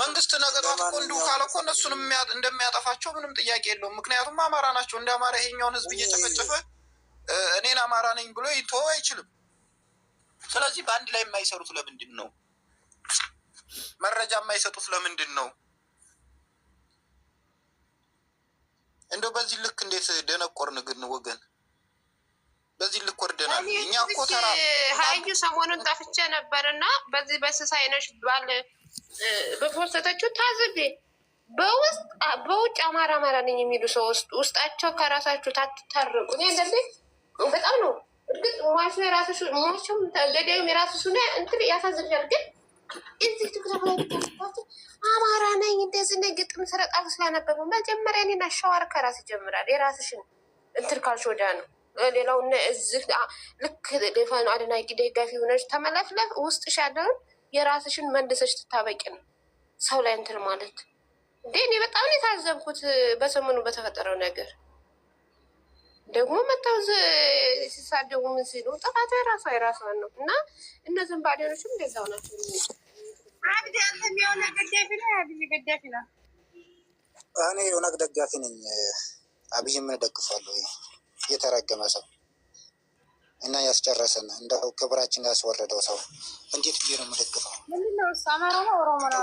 መንግስት ነገሯት እኮ እንዲሁ ካለ እኮ እነሱንም እንደሚያጠፋቸው ምንም ጥያቄ የለውም። ምክንያቱም አማራ ናቸው። እንደ አማራ ይሄኛውን ህዝብ እየጨፈጨፈ እኔን አማራ ነኝ ብሎ ይቶ አይችልም። ስለዚህ በአንድ ላይ የማይሰሩት ለምንድን ነው? መረጃ የማይሰጡት ለምንድን ነው? እንደው በዚህ ልክ እንዴት ደነቆርን ግን ወገን በዚህ ልክ ወርደናል። እኛ እኮ ተራ ሀዩ ሰሞኑን ጠፍቼ ነበርና እና በዚህ በስሳይነሽ ባል የፖስተችው ታዝቤ በውስጥ በውጭ አማራ አማራ ነኝ የሚሉ ሰው ውስጣቸው ከራሳችሁ ታትታርቁ እንደዚህ በጣም ነው። እርግጥ ሟቹ የራሱ ሟቹም ገዳዩም የራሱ ሱ እንትን ያሳዝኛል። ግን እዚህ ትኩረት ላይ አማራ ነኝ እንደዚህ ነ ግጥም ስረጣሉ ስላነበቡ መጀመሪያ እኔን አሸዋር ከራስ ይጀምራል። የራስሽን እንትን ካልሽ ወዲያ ነው ሌላው እዚህ ልክ ደፋ አደናቂ ደጋፊ ሆነች ተመላፍለፍ ውስጥሽ ያለውን የራስሽን መልሰሽ ትታበቂ ነው። ሰው ላይ እንትን ማለት እንዴ! እኔ በጣም ነው የታዘብኩት በሰሞኑ በተፈጠረው ነገር። ደግሞ መታው ሲሳደቡ ምን ሲሉ ጥፋቱ የራሷ የራሷን ነው እና እነዚህም ባዲኖችም እንደዛው ናቸው። አብድ ያለ የሆነ ደጋፊ ነው፣ አብይ ደጋፊ ነው። እኔ የሆነቅ ደጋፊ ነኝ። አብይ ምን ደግፋለሁ? የተረገመ ሰው እና ያስጨረሰን እንደው ክብራችን ያስወረደው ሰው እንዴት ብዬ ነው የምደግፈው? ምንድነው አማራ ነው ኦሮሞ ነው?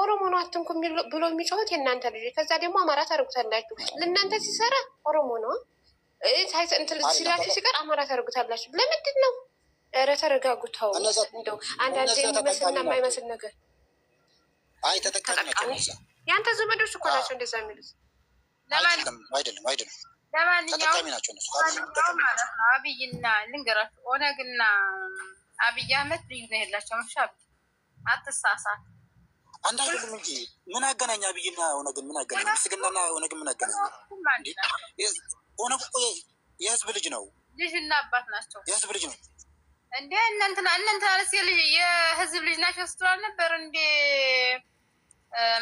ኦሮሞ ነው አትንኩ ብሎ የሚጮሁት የእናንተ ልጆች፣ ከዛ ደግሞ አማራ ታደርጉታላችሁ። ለእናንተ ሲሰራ ኦሮሞ ነው ሲላችሁ ሲቀር አማራ ታደርጉታላችሁ። ለምንድን ነው? ኧረ ተረጋጉ። እንደው አንዳንድ የሚመስልና የማይመስል ነገር አይ ተጠቃሚ የአንተ ዘመዶች እኮ ናቸው እንደዛ የሚሉት። አይደለም አይደለም። አብይና ልንገራችሁ፣ ኦነግና አብይ አህመድ ልዩነት የላቸውም። መሻ አትሳሳት አንድ አይደለም እንጂ ምን አገናኛ አብይና ኦነግን ምን አገናኛ? ብልጽግናና ኦነግን ምን አገናኛ? ኦነግ እኮ የህዝብ ልጅ ነው። ልጅና አባት ናቸው። የህዝብ ልጅ ነው እንዴ? እናንተና እናንትና ለስ ልጅ የህዝብ ልጅ ናቸው ስትላል ነበር እንዴ?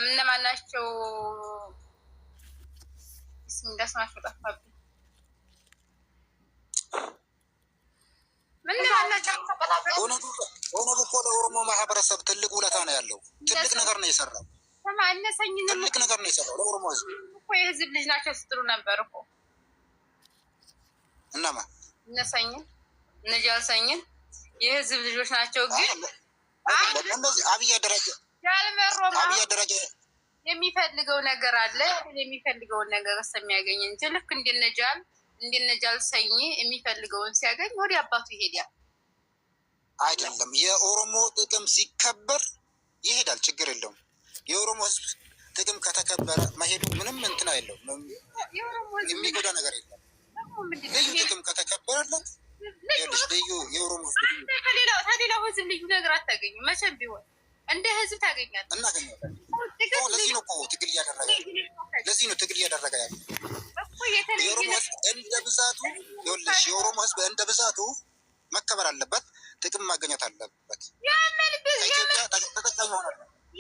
እነማን ናቸው? ስም እንዳስማቸው ጠፋብኝ። ኦነግ እኮ ለኦሮሞ ማህበረሰብ ትልቅ ውለታ ነው ያለው። ትልቅ ነገር ነው የሰራው። ትልቅ ነገር ነው የሰራው ለኦሮሞ ህዝብ የህዝብ ልጅ ናቸው ስትሉ ነበር እኮ። እነማ እነሰኝን እነጃልሰኝን የህዝብ ልጆች ናቸው። ግን እንደዚህ አብይ ደረጃ አብይ ደረጃ የሚፈልገው ነገር አለ የሚፈልገውን ነገር እስከሚያገኝ እንጂ ልክ እንደነጃል እንዲነጃል ሰኝ የሚፈልገውን ሲያገኝ ወደ አባቱ ይሄዳል። አይደለም የኦሮሞ ጥቅም ሲከበር ይሄዳል። ችግር የለውም። የኦሮሞ ህዝብ ጥቅም ከተከበረ መሄዱ ምንም እንትን አይለው የሚጎዳ ነገር የለም። ልዩ ጥቅም ከተከበረለት ልዩ የኦሮሞ ከሌላው ሕዝብ ልዩ ነገር አታገኝም። መቼም ቢሆን እንደ ህዝብ ታገኛለህ፣ እናገኛለን ለዚህ ነው ትግል እያደረገ ለዚህ ነው ትግል እያደረገ ያለ የኦሮሞ ህዝብ እንደ ብዛቱ ይኸውልሽ፣ የኦሮሞ ህዝብ እንደ ብዛቱ መከበር አለበት፣ ጥቅም ማገኘት አለበት።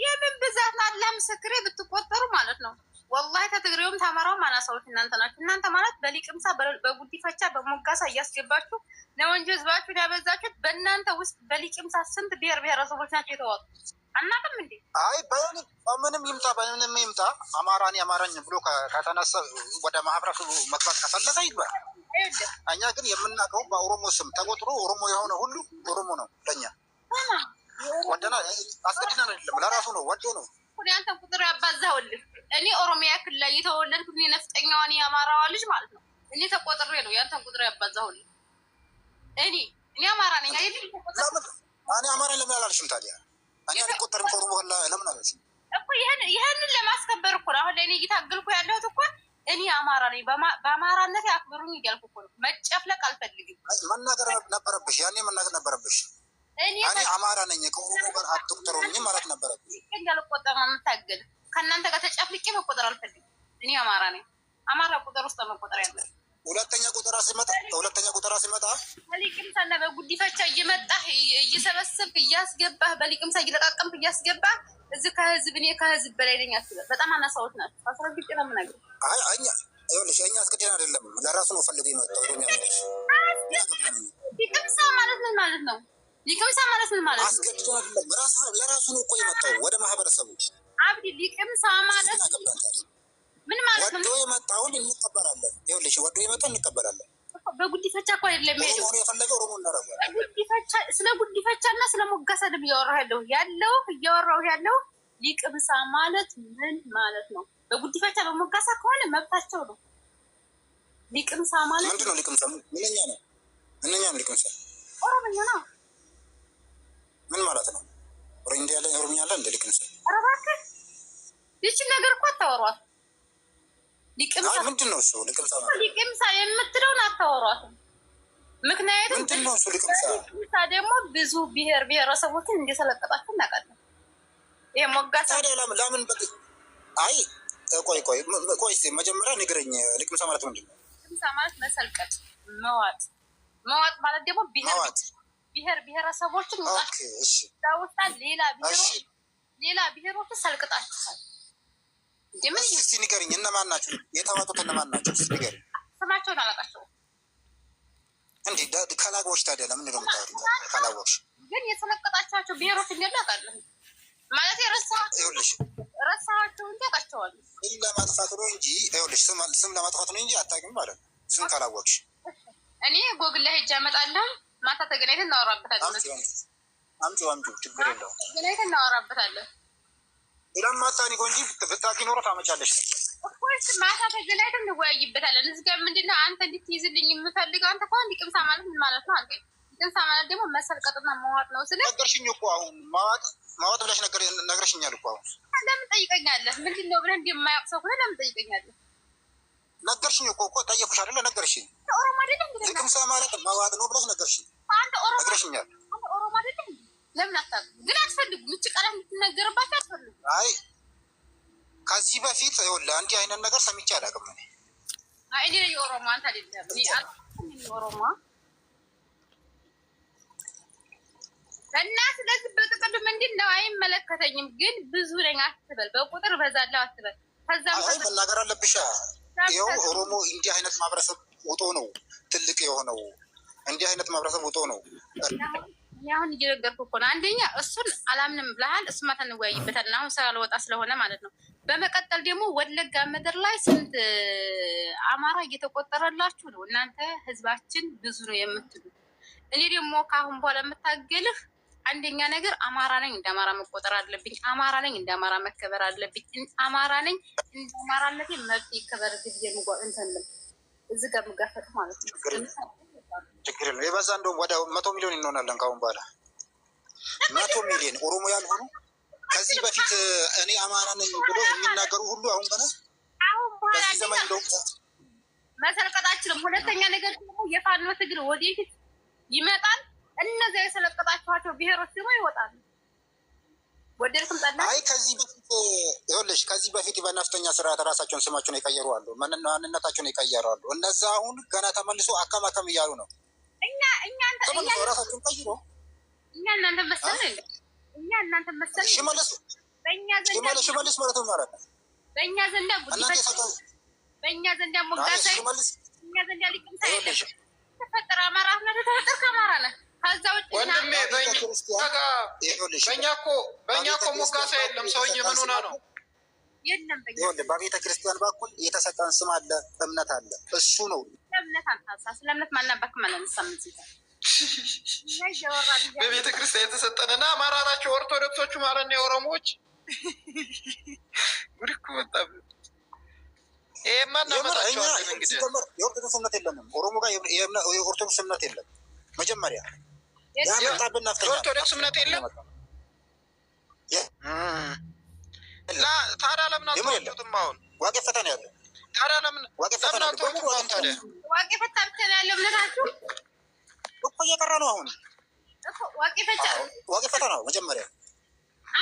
የምን ብዛት አላ ምስክሬ ብትቆጠሩ ማለት ነው። ወላሂ ከትግሬውም ተማራውም አናሳዎች እናንተ ናችሁ። እናንተ ማለት በሊቅምሳ በጉዲፈቻ በሞጋሳ እያስገባችሁ ነው እንጂ ህዝባችሁን ያበዛችሁት በእናንተ ውስጥ በሊቅምሳ ስንት ብሔር ብሔረሰቦች ናቸው የተዋጡት? አናቅም እንዴ? አይ በምንም ይምጣ በምንም ይምጣ አማራን አማራኝ ብሎ ከተነሳ ወደ ማህበረሰቡ መግባት ከፈለገ ይግባል። እኛ ግን የምናውቀው በኦሮሞ ስም ተቆጥሮ ኦሮሞ የሆነ ሁሉ ኦሮሞ ነው። ለኛ ወደና አስገድደን አይደለም፣ ለራሱ ነው ወዶ ነው። አንተን ቁጥር ያባዛውልህ። እኔ ኦሮሚያ ክልል ላይ የተወለድኩ ነፍጠኛዋን የአማራዋ ልጅ ማለት ነው። እኔ ተቆጥሬ ነው ያንተን ቁጥር ያባዛውልህ። እኔ እኔ አማራ ነኝ አይደል? እኔ አማራ ለምን አላልሽም ታዲያ? እኔ አልቆጠርም ከሩ በኋላ ለምን አለች እኮ ይህንን ለማስከበር እኮ አሁን ለእኔ እኔ እየታገልኩ ያለሁት እኮ እኔ አማራ ነኝ፣ በአማራነት አክብሩኝ እያልኩ እኮ ነው። መጨፍለቅ አልፈልግም። መናገር ነበረብሽ፣ ያኔ መናገር ነበረብሽ። እኔ አማራ ነኝ ከኦሮሞ ጋር አትቁጠሩኝ ማለት ነበረብሽ። እንዳልቆጠር ነው የምታገል። ከእናንተ ጋር ተጨፍልቄ መቆጠር አልፈልግም። እኔ አማራ ነኝ። አማራ ቁጥር ውስጥ መቆጠር ያለ ሁለተኛ ቁጠራ ሲመጣ ሁለተኛ ቁጠራ ሲመጣ በሊቅምሳ በሊቅምሳና በጉዲፈቻ እየመጣህ እየሰበሰብክ እያስገባህ በሊቅምሳ እየለቃቀምክ እያስገባህ እዚህ ከህዝብ እኔ ከህዝብ በላይ ነኝ አትበል። በጣም አናሳዎች ናቸው። አስረግጬ ነው የምነግርህ። ይኸውልሽ እኛ አስገድደን አይደለም ለራሱ ነው ፈልገው የመጣው ኦሮሚያ ሊቅምሳ ማለት ምን ማለት ነው? ሊቅምሳ ማለት ምን ማለት ነው? አስገድደን አይደለም ለራሱ ነው እኮ የመጣው ወደ ማህበረሰቡ አብዲ ሊቅምሳ ማለት ነው ሁሌም እንቀበላለን። ይኸውልሽ ወዶ የመጣ እንቀበላለን። በጉዲፈቻ እኮ አይደለም ሄደው ሆኖ የፈለገው ኦሮሞ እናደርጋለን። ጉዲፈቻ ስለ ጉዲፈቻ እና ስለ ሞጋሳ አይደለም እያወራሁ ያለሁ ያለው እያወራሁ ያለው ሊቅምሳ ማለት ምን ማለት ነው? በጉዲፈቻ በሞጋሳ ከሆነ መብታቸው ነው። ሊቅምሳ ማለት ምንድን ነው? ሊቅምሳ ምንኛ ነው? ምንኛ ነው ሊቅምሳ? ኦሮምኛ ነው። ምን ማለት ነው? ኦሮ ኦሮምኛ ላይ ኦሮምኛ አለ እንደ ሊቅምሳ። ኧረ እባክህ ይችን ነገር እኮ አታወሯት ምንድን ነው ሊቅምሳ የምትለውን አታወሯትም። ምክንያቱም ሊቅምሳ ደግሞ ብዙ ብሔር ብሔረሰቦችን እንደሰለጠጣችሁ እናውቃለን። የሞጋታ ለምን አይ ቆይ ቆይ ቆይ እስኪ መጀመሪያ ማለት ምንድን ነው? ማለት መሰልቀጥ፣ መዋጥ። መዋጥ ማለት ደግሞ ብሔር ብሔረሰቦችን ውጣ ሌላ ብሔሮች ሰልቅጣችኋል ምን እስቲ ንገርኝ፣ እነማን ናቸው የተዋጡት? እነማን ናቸው እስቲ ንገርኝ። ስማቸውን አላውቃቸውም። እንዲ ካላወቅሽ ታዲያ ለምንድን ነው የምታወሪው? ካላወቅሽ ግን የተለቀጣቸዋቸው ብሄሮች እንዳሉ አውቃለሁ። ማለት ይኸውልሽ ረሳኋቸው እንጂ አውቃቸዋለሁ። ስም ለማጥፋት ነው እንጂ ይኸውልሽ፣ ስም ለማጥፋት ነው እንጂ አታውቂም ማለት ነው። ስም ካላወቅሽ እኔ ጎግል ላይ ሄጄ አመጣለሁ። ማታ ተገናኝተን እናወራበታለን። አምጪው አምጪው፣ ችግር የለውም። ተገናኝተን እናወራበታለን። ለማታኒ እኮ እንጂ ብታውቂ ኖሮ ታመጫለሽ። ማታ ተገላይ እንወያይበታለን። እዚህ ጋር ምንድን ነው አንተ እንድትይዝልኝ የምፈልገው አንተ ከሆን ቅምሳ ማለት ምን ማለት ነው? አንተ ቅምሳ ማለት ደግሞ መሰልቀጥና መዋጥ ነው። ስለ ነገርሽኝ እኮ አሁን ማዋጥ ማዋጥ ብለሽ ነግረሽኛል እኮ አሁን ለምን ጠይቀኛለህ? ምንድን ነው ብለህ እንደማያውቅ ሰው ሆነ ለምን ጠይቀኛለህ? ነገርሽኝ እኮ እኮ ጠየኩሽ አይደለ? ነገርሽኝ ኦሮሞ አይደለም ቅምሳ ማለት ማዋጥ ነው ብለሽ ነገርሽኝ። አንተ ኦሮሞ ነግረሽኛል ለምን አታውቅም? ግን አትፈልጉም። እች ቃላት የምትነገርባት አትፈልጉም። አይ ከዚህ በፊት ይኸውልህ እንዲህ አይነት ነገር ሰምቼ አላውቅም። እኔ የኦሮሞ አንተ አይደለም እና ስለዚህ በጥቅሉ ምንድን ነው አይመለከተኝም፣ ግን ብዙ ነኝ አትበል፣ በቁጥር በዛለው አትበል። ከዛም መናገር አለብሻ። ይኸው ኦሮሞ እንዲህ አይነት ማህበረሰብ ውጦ ነው ትልቅ የሆነው። እንዲህ አይነት ማህበረሰብ ውጦ ነው አሁን እየነገርኩ እኮ ነው። አንደኛ እሱን አላምንም ብለሃል፣ እሱማ ተንወያይበታል። አሁን ስራ ልወጣ ስለሆነ ማለት ነው። በመቀጠል ደግሞ ወለጋ ምድር ላይ ስንት አማራ እየተቆጠረላችሁ ነው እናንተ። ህዝባችን ብዙ ነው የምትሉ እኔ ደግሞ ከአሁን በኋላ የምታገልህ አንደኛ ነገር አማራ ነኝ፣ እንደ አማራ መቆጠር አለብኝ። አማራ ነኝ፣ እንደ አማራ መከበር አለብኝ። አማራ ነኝ፣ እንደ አማራነቴ መብት ይከበር። ጊዜ እንትን እዚህ ጋር ምጋፈጥ ማለት ነው ችግር የለም። የበዛ እንደውም ወደ መቶ ሚሊዮን እንሆናለን ከአሁን በኋላ መቶ ሚሊዮን ኦሮሞ ያልሆኑ ከዚህ በፊት እኔ አማራ ነኝ ብሎ የሚናገሩ ሁሉ አሁን ገና በዚህ ዘመን እንደውም መሰልቀጣችንም። ሁለተኛ ነገር ደግሞ የፋኖ ትግል ወደፊት ይመጣል። እነዚያ የሰለቀጣችኋቸው ብሔሮች ደግሞ ይወጣሉ። ወደድክም ጠላ። አይ ከዚህ በፊት ይኸውልሽ፣ ከዚህ በፊት በነፍጠኛ ስርዓት ራሳቸውን ስማቸውን የቀየሩ አሉ፣ ማንነታቸውን የቀየሩ አሉ። እነዛ አሁን ገና ተመልሶ አከም አከም እያሉ ነው። እኛ እኛ ተመልሶ ራሳቸውን ቀይሮ እኛ እናንተ መሰል እኛ እናንተ መሰል ሽመለስ ሽመለስ ማለት ነው ማለት ነው። በእኛ ዘንድ ጉዲፈ በእኛ ዘንዳ ሞጋሳ በእኛ ዘንዳ ሊቅምሳ ተፈጠረ አማራ ነህ ተፈጠር ከአማራ ነህ በእኛ እኮ ሞጋሳ የለም። ሰውዬ ምን ሆነህ ነው? በቤተ ክርስቲያን በኩል የተሰጠን ስም አለ፣ እምነት አለ። እሱ ነው በቤተ ክርስቲያን የተሰጠን እና አማራ ናቸው ኦርቶዶክሶቹ ማለት ነው። የኦሮሞዎች ጉድ እኮ በጣም የኦርቶዶክስ እምነት የለንም። ኦሮሞ ጋር የኦርቶዶክስ እምነት የለም መጀመሪያ የኦርቶዶክስ እምነት የለም። ታዲያ ለምን አትወጡትም? አሁን ዋቄ ፈታ ነው ያለው። ታዲያ ለምን አትወጡም? አሁን ታዲያ ዋቄ ፈታ ብቻ ነው ያለው እምነታችሁ እኮ እየቀረ ነው። አሁን ዋቄ ፈታ ነው መጀመሪያ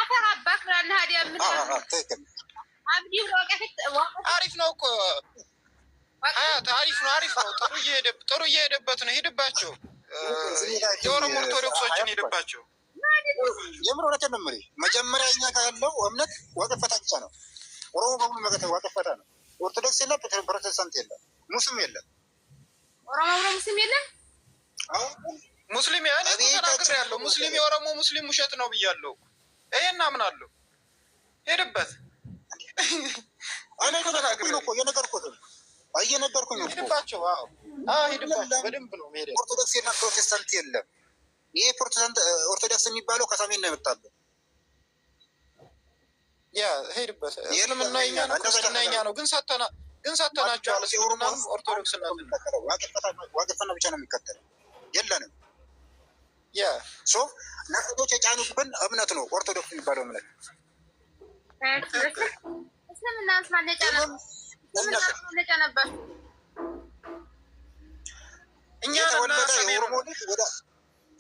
አፈር አባክራል ሀዲያ አሪፍ ነው እኮ አሪፍ ነው። ጥሩ እየሄደበት ነው። ሄድባቸው የኦሮሞ ኦርቶዶክሶችን ሄደባቸው የምር እውነቴን ነው ምሪ መጀመሪያ እኛ ካለው ያለው እምነት ዋቀፈታ ብቻ ነው። ኦሮሞ በሙሉ መገ ዋቀፈታ ነው። ኦርቶዶክስ የለም፣ ፕሮቴስታንት የለም፣ ሙስም የለም፣ ኦሮሞ ብሎ ሙስም የለም። ሙስሊም ያህል ተናግር ያለው ሙስሊም የኦሮሞ ሙስሊም ውሸት ነው ብያለሁ። ይሄን አምናለሁ። ሄድበት እኔ ተናግር የነገርኩት እየነገርኩኝ ሂድባቸው። በደንብ ነው መሄድ። ኦርቶዶክስና ፕሮቴስታንት የለም። ይሄ ፕሮቴስታንት ኦርቶዶክስ የሚባለው ከሰሜን ነው የመጣልን። ያ ሄድበት እስልምና የእኛ ነው፣ ክርስትና የእኛ ነው። ግን ሰተና ግን ሰተናቸው እስልምናም ኦርቶዶክስና ዋቅፈና ብቻ ነው የሚከተለው የለንም። ሶ ነፍቶች የጫኑብን እምነት ነው ኦርቶዶክስ የሚባለው እምነት እስልምና ስማለጫ ነው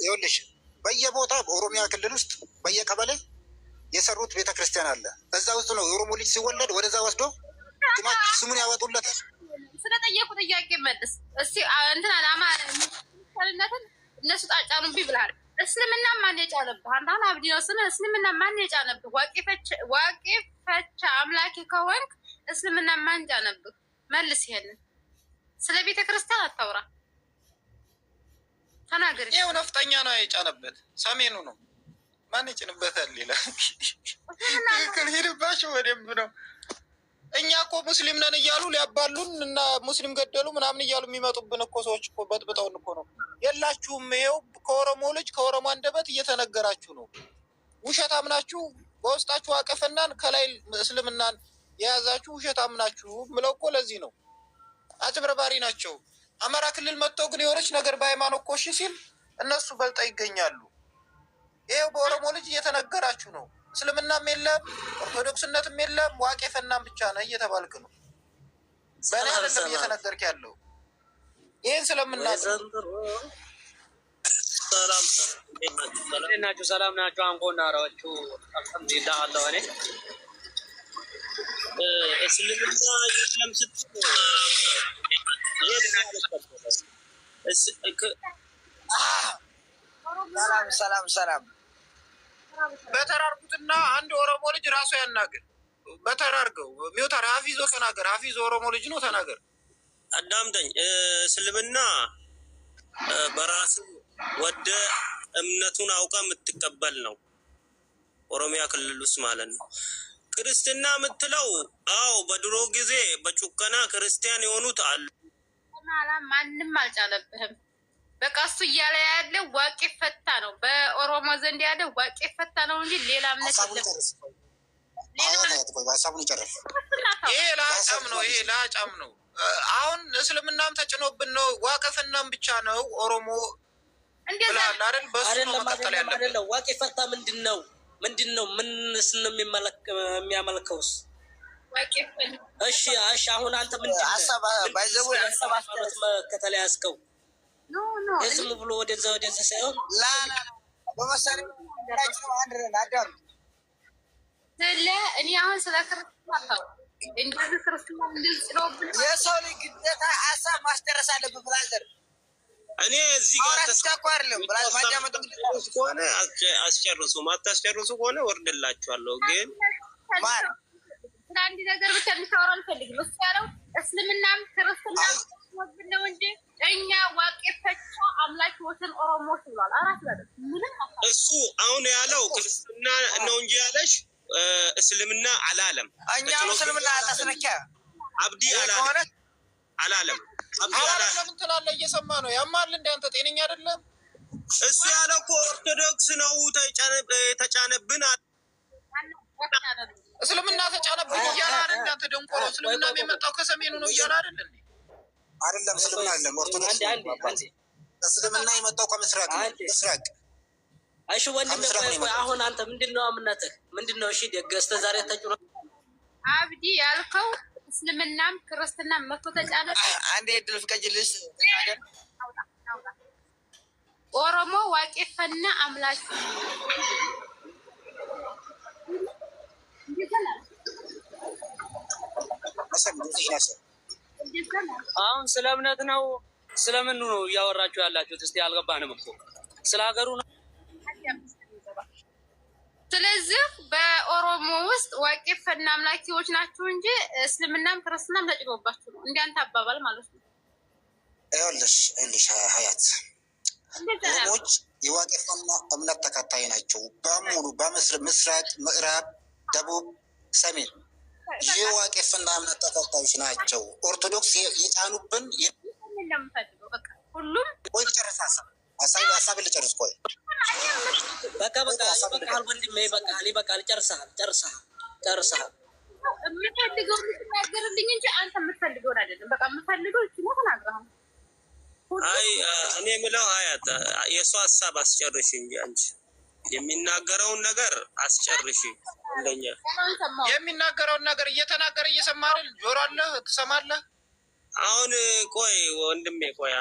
ይኸውልሽ በየቦታ በኦሮሚያ ክልል ውስጥ በየቀበሌ የሰሩት ቤተክርስቲያን አለ። እዛ ውስጥ ነው የኦሮሞ ልጅ ሲወለድ ወደዛ ወስዶ ስሙን ያወጡለታል። ስለጠየቁ ጥያቄ መልስ እስኪ እንትን አላማ ሚነትን እነሱ ጣጫኑብኝ ብልሃል። እስልምና ማን የጫነብህ? አንታን አብዲ ነው ስም። እስልምና ማን የጫነብህ? ዋቄ ፈቻ ከሆንክ እስልምና ማንጃ ነብህ መልስ። ይሄንን ስለ ቤተ ክርስቲያን አታውራ ተናገር። ይኸው ነፍጠኛ ነው የጫነበት ሰሜኑ ነው። ማን ይጭንበታል? ሌላ ትክክል ሄድባቸው በደንብ ነው። እኛ እኮ ሙስሊም ነን እያሉ ሊያባሉን እና ሙስሊም ገደሉ ምናምን እያሉ የሚመጡብን እኮ ሰዎች እኮ በጥብጠውን እኮ ነው። የላችሁም። ይኸው ከኦሮሞ ልጅ ከኦሮሞ አንደበት እየተነገራችሁ ነው። ውሸታም ናችሁ። በውስጣችሁ አቀፈናን ከላይ እስልምናን የያዛችሁ ውሸት አምናችሁ ምለው እኮ ለዚህ ነው። አጭበርባሪ ናቸው። አማራ ክልል መጥተው ግን የሆነች ነገር በሃይማኖት ኮሽ ሲል እነሱ በልጣ ይገኛሉ። ይሄው በኦሮሞ ልጅ እየተነገራችሁ ነው። እስልምናም የለም ኦርቶዶክስነትም የለም ዋቄ ፈናም ብቻ ነህ እየተባልክ ነው። በእኔ አይደለም እየተነገርክ ያለው ይህን ስለምናቅ ሰላም ናችሁ። ሰላም ናችሁ። አንቆ ናራዎቹ አልሐምዱሊላህ እስልምና የለም ስትል ሰላም ሰላም ሰላም። በተራርጉትና አንድ ኦሮሞ ልጅ ራሱ ያናግር። በተራርገው ሚወታር ሀፊዞ ተናገር። ሀፊዞ ኦሮሞ ልጅ ነው ተናገር። አዳምጠኝ። እስልምና በራሱ ወደ እምነቱን አውቀ የምትቀበል ነው። ኦሮሚያ ክልል ውስጥ ማለት ነው። ክርስትና የምትለው አዎ፣ በድሮ ጊዜ በጩከና ክርስቲያን የሆኑት አሉ። ማላ ማንም አልጫለብህም። በቃ እሱ እያለ ያለ ዋቄ ፈታ ነው። በኦሮሞ ዘንድ ያለ ዋቄ ፈታ ነው እንጂ ሌላ እምነት ላጫም ነው። ይሄ ላጫም ነው። አሁን እስልምናም ተጭኖብን ነው። ዋቀፍናም ብቻ ነው ኦሮሞ አይደል? በሱ ነው መቀጠል ያለብን። ዋቄ ፈታ ምንድን ነው? ምንድን ነው? ምንስ ነው የሚያመልከውስ? እሺ እሺ። አሁን አንተ ምንድን ሃይማኖት መከተል ያዝከው? ብሎ ወደዛ ወደዛ ሳይሆን ስለ እኔ አሁን ስለ ክርስትና እንደዚህ ክርስትና የሰው ልጅ ግዴታ አሳብ ማስጨረስ አለብህ ብራዘር እኔ እዚህ ጋር ከሆነ አስጨርሱም። አታስጨርሱ ከሆነ ወርድላችኋለሁ። ግን ስለ አንድ ነገር ብቻ የሚታወራ አልፈልግም። እሱ ያለው እስልምናም ክርስትናም ወግን ነው እንጂ እኛ ዋቄ ፈቻ አምላኪዎትን ኦሮሞች ብሏል። አራት ምንም እሱ አሁን ያለው ክርስትና ነው እንጂ ያለሽ እስልምና አላለም። እኛ እስልምና አታስነኪያ አብዲ አላለም ለምን ትላለህ? እየሰማ ነው ያማል። እንደ አንተ ጤነኛ አይደለም። እሱ ያለ እኮ ኦርቶዶክስ ነው ተጫነብን እስልምና ተጫነብን እያለ አይደል? እናንተ ደንቆሮ እስልምና የመጣው ከሰሜኑ ነው እያለ አይደል? አይደለም፣ እስልምና አይደለም፣ ኦርቶዶክስ እስልምና የመጣው ከምስራቅ ምስራቅ። እሺ ወንድም፣ አሁን አንተ ምንድን ነው እምነትህ ምንድን ነው? እሺ ደግ ዛሬ ተጭኖ አብዲ ያልከው እስልምናም ክርስትና መቶ ተጫነ። አንድ የድል ፍቀጅልሽ ኦሮሞ ዋቄፈና አምላክ አሁን ስለ እምነት ነው ስለምኑ ነው እያወራችሁ ያላችሁት? እስቲ አልገባንም እኮ ስለ ሀገሩ ነው ስለዚህ በኦሮሞ ውስጥ ዋቄፈና አምላኪዎች ናቸው እንጂ እስልምናም ክርስትናም ተጭኖባቸው ነው። እንዲያንተ አባባል ማለት ነው። ይኸውልሽ ይኸውልሽ ሀያት ኦሮሞዎች የዋቄፈና እምነት ተከታይ ናቸው በሙሉ በምስር ምስራቅ፣ ምዕራብ፣ ደቡብ፣ ሰሜን የዋቄፍና እምነት ተከታዮች ናቸው። ኦርቶዶክስ የጫኑብን ሁሉም ወይ ጨረሳሰብ ሀሳብ ልጨርስ። ቆይ በቃ በቃ ይበቃል፣ ወንድሜ ይበቃል፣ ይበቃል። ጨርሰሃል፣ ጨርሰሃል፣ ጨርሰሃል። የምፈልገው የምትናገርልኝ እንጂ አንተ የምትፈልገውን አይደለም። በቃ የምፈልገው እሱ ተናግረሃል። አይ እኔ የምለው አያት የእሱ ሀሳብ አስጨርሽ እንጂ አንቺ የሚናገረውን ነገር አስጨርሽ። እንደኛ የሚናገረውን ነገር እየተናገረ እየሰማ አይደል? ጆሮ አለህ፣ ትሰማለህ። አሁን ቆይ ወንድሜ ቆይ